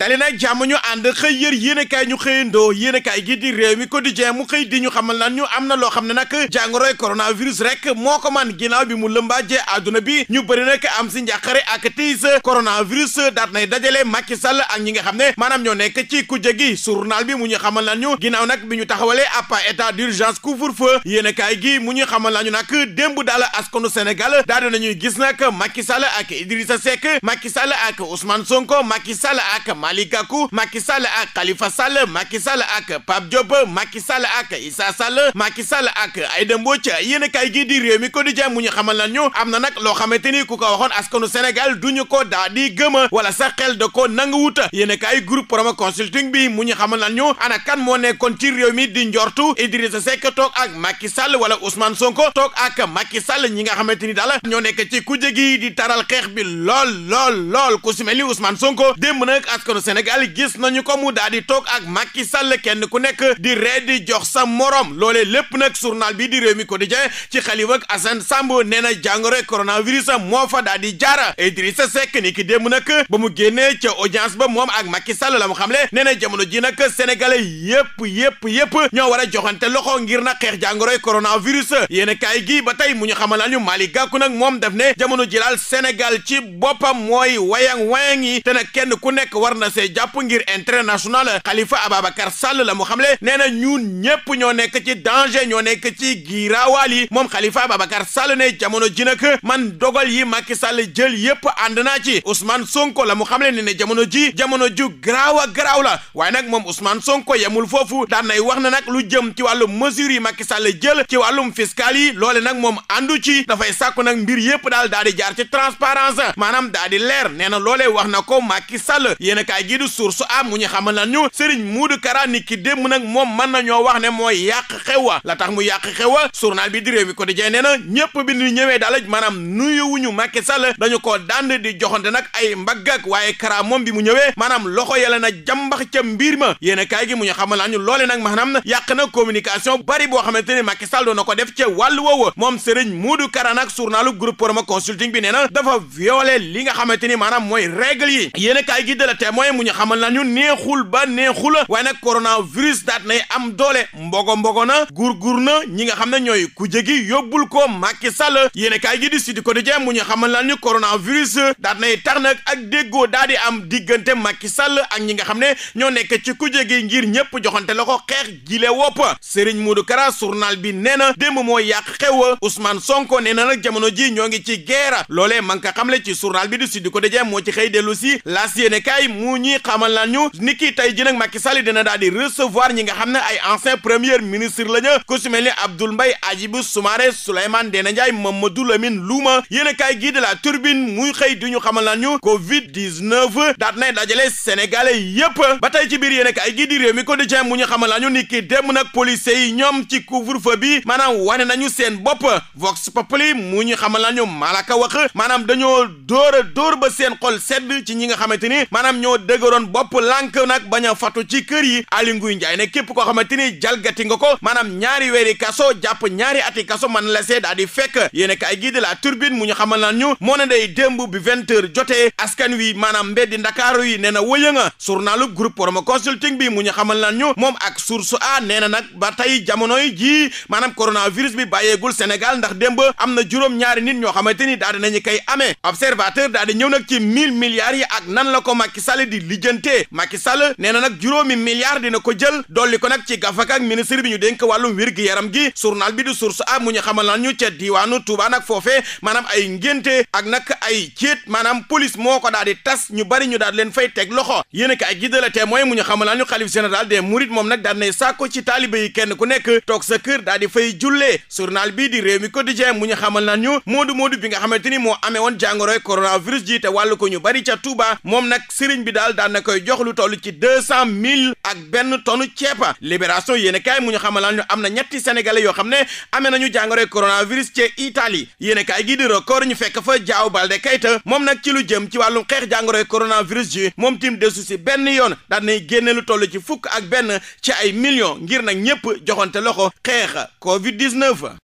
dali nag jàmm ñu ànd xëy yër yéenekaay ñu xëyandoo yéenekaay gi di réew mi quotidien mu xëy di ñu xamal lan ñu am na loo xam ne nag jàngoroy coronavirus rek moo ko man ginnaaw bi mu lëmbaajee àdduna bi ñu bëri nag am si njàqare ak tiis coronavirus daat nay dajale Macky Sall ak ñi nga xam ne maanaam ñoo nekk ci kujje gi journal bi mu ñu xamal lan ñu ginnaaw nag bi ñu taxawalee ab état d'urgence couvre-feu yéenekaay gi mu ñu xamal lan ñu nag démb daal askanu Sénégal daal dinañuy gis nag Macky Sall ak Idrissa Seck Macky Sall ak Ousmane Sonko Macky Sall ak Malick Gakou Macky Sall ak Khalifa sal maki sal ak Pape Diop maki sal ak Issa sal Macky sal ak Aïda Mbodj yéen a kaay gi di réew mi quotidien mu ñu xamal nañu am na nag loo xamante ni ku ko waxoon askanu Sénégal du ñu ko daa di gëma wala sa xel da ko nanguwuta yéen a kaay groupe Promo bi mu ñu xamal nañu ana kan moo nekkoon ci réew mi di njortu Idrissa Seck toog ak maki Sall wala Ousmane Sonko toog ak maki Sall ñi nga xamante ni daal ñoo nekk ci kujje gi di taral xeex bi lool lool lool ku si askanu Sénégal gis nañu ko mu daal di toog ak Macky Sall kenn ku nekk di ree di jox sa morom loolee lépp nag journal bii di ko di Quotidien ci xalima ak Assane Samb nee na jàngoro coronavirus moo fa daal di jaara Idrissa sa ni ki démb nag ba mu génnee ca audience ba moom ak Macky Sall la mu xamle nee na jamono ji nag sénégalais yëpp yëpp yëpp ñoo war a joxante loxo ngir na xeex jàngoroy coronavirus yéen kaay gi ba tey mu ñu xamal ñu Malick Gakou nag moom def ne jamono ji daal Sénégal ci boppam mooy ku nekk war commencé jàpp ngir intérêt national Khalifa Ababacar Sall la mu xamle nee na ñun ñépp ñoo nekk ci danger ñoo nekk ci giiraawaal yi moom Khalifa Ababacar Sall ne jamono ji nag man dogal yi Macky Sall jël yépp ànd naa ci Ousmane Sonko la mu xamle ne ne jamono ji jamono ju garaaw a garaaw la waaye nag moom Ousmane Sonko yemul foofu daan nay wax na nag lu jëm ci wàllum mesures yi Macky Sall jël ci wàllum fiscal yi loole nag moom àndu ci dafay sàkku nag mbir yépp daal daa di jaar ci maanaam daa di leer nee na loolee wax na ko Macky a kaay gi di source am mu ñu xamal na ñu Serigne Modou Kara ni ki démb nag moom mën nañoo wax ne mooy yàq xewa la tax mu yàq xewa journal bi di réew mi ko di jee nee na ñëpp bi ñu ñëwee daal maanaam ñu Macky Sall dañu ko dànd di joxante nag ay mbagg ak waaye Kara moom bi mu ñëwee maanaam loxo yàlla na jàmbax ca mbir ma yéen kaay gi mu ñu xamal na ñu loole nag na yàq na communication bari boo xamante ni Macky Sall doon na ko def ca wa woowu moom Serigne Modou Kara nag journalu groupe Promo Consulting bi nee na dafa violé li nga xamante ni maanaam mooy règle yi yéen kaay gi de la mooy mu ñu xamal nañu neexul ba neexul na nag coronavirus daat nay am doole mbogo mbogo na gurgur na ñi nga xam ne ñooy ku jégi yóbbul ko Macky Sall yéen kaay gi di Sud Quotidien mu ñu xamal nañu coronavirus daat nay tax na ak déggoo daa di am diggante Macky Sall ak ñi nga xam ne ñoo nekk ci ku jégi ngir ñëpp joxante la ko xeex gile wopp Serigne Modou Kara journal bi nee na démb moo yàq xew Ousmane Sonko nee na nag jamono ji ñoo ngi ci guerre lool man ka xamle ci journal bi di Sud Quotidien moo ci xëy dellu mu ñuy xamal naan ñu ni ki tey ji nag Macky Sall dina daal di recevoir ñi nga xam ne ay ancien premier ministre la ku si mel ni Abdoul Mbaye Hadjibou Soumaré Souleymane Ndéné Ndiaye Mamadou Lamine Louma yéen a kaay gii la turbine muy xëy di ñu xamal naan ñu Covid daat nay dajale sénégalais yépp ba ci biir yéen a kaay gii di mu ñu xamal naan ñu dem nag policiers yi ñoom ci couvre-feu bi maanaam wane nañu seen bopp Vox Populi mu ñu xamal naan malaka wax a dëgëroon bopp lànk nag bañ a fatu ci kër yi Aly Ngouille Ndiaye ne képp koo xamante ni jalgati nga ko maanaam ñaari weeri kaso jàpp ñaari ati kaso man la see daal di fekk yéen a kaay gii de la mu ñu xamal lan ñu moo ne day démb bi vingt heures jotee askan wi maanaam mbeddi ndakaaru yi nee na wëya nga journalu groupe Promo Consulting bi mu ñu xamal lan ñu moom ak source a nee na nag ba tey jamonoy jii maanaam coronavirus bi bàyyeegul Sénégal ndax démb am na juróom-ñaari nit ñoo xamante ni daal di nañu koy amee observateur daal di ñëw nag ci mille milliards yi ak nan la ko Macky Sall di lijjantee Macky Sall nee na nag juróomi milliards dina ko jël dolli ko nag ci gafaka ak ministre bi ñu dénk wàllum wér-gi-yaram gi journal bi di source a mu ñu xamal lan ñu ca diwaanu Touba nag foofee maanaam ay ngénte ak nag ay céet maanaam police moo ko daal tas ñu bari ñu daal leen fay teg loxo yéen a ka ay gidda la témoin mu ñu xamal lan ñu xalif général des mourides moom nag daal nay ci taalibe kenn ku nekk toog sa kër daal di fay jullee journal bii di réew mi quotidien mu ñu xamal lan ñu moodu moodu bi nga xamante ni moo amee woon jàngoroy coronavirus ji te wàllu ko ñu bari ca Touba moom daal daan koy jox lu toll ci deux cent mille ak benn tonne ceeb libération yéen a mu ñu xamalaan ñu am na ñetti sénégalais yoo xam ne amee nañu jàngoroy coronavirus ci Italie yéen a kaay gii di ñu fekk fa Diao Baldé Keita moom nag ci lu jëm ci wàllum xeex jàngoroy coronavirus ji moom tim desu si benn yoon daan nay génne lu toll ci fukk ak benn ci ay millions ngir nag ñëpp joxante loxo xeex covid 19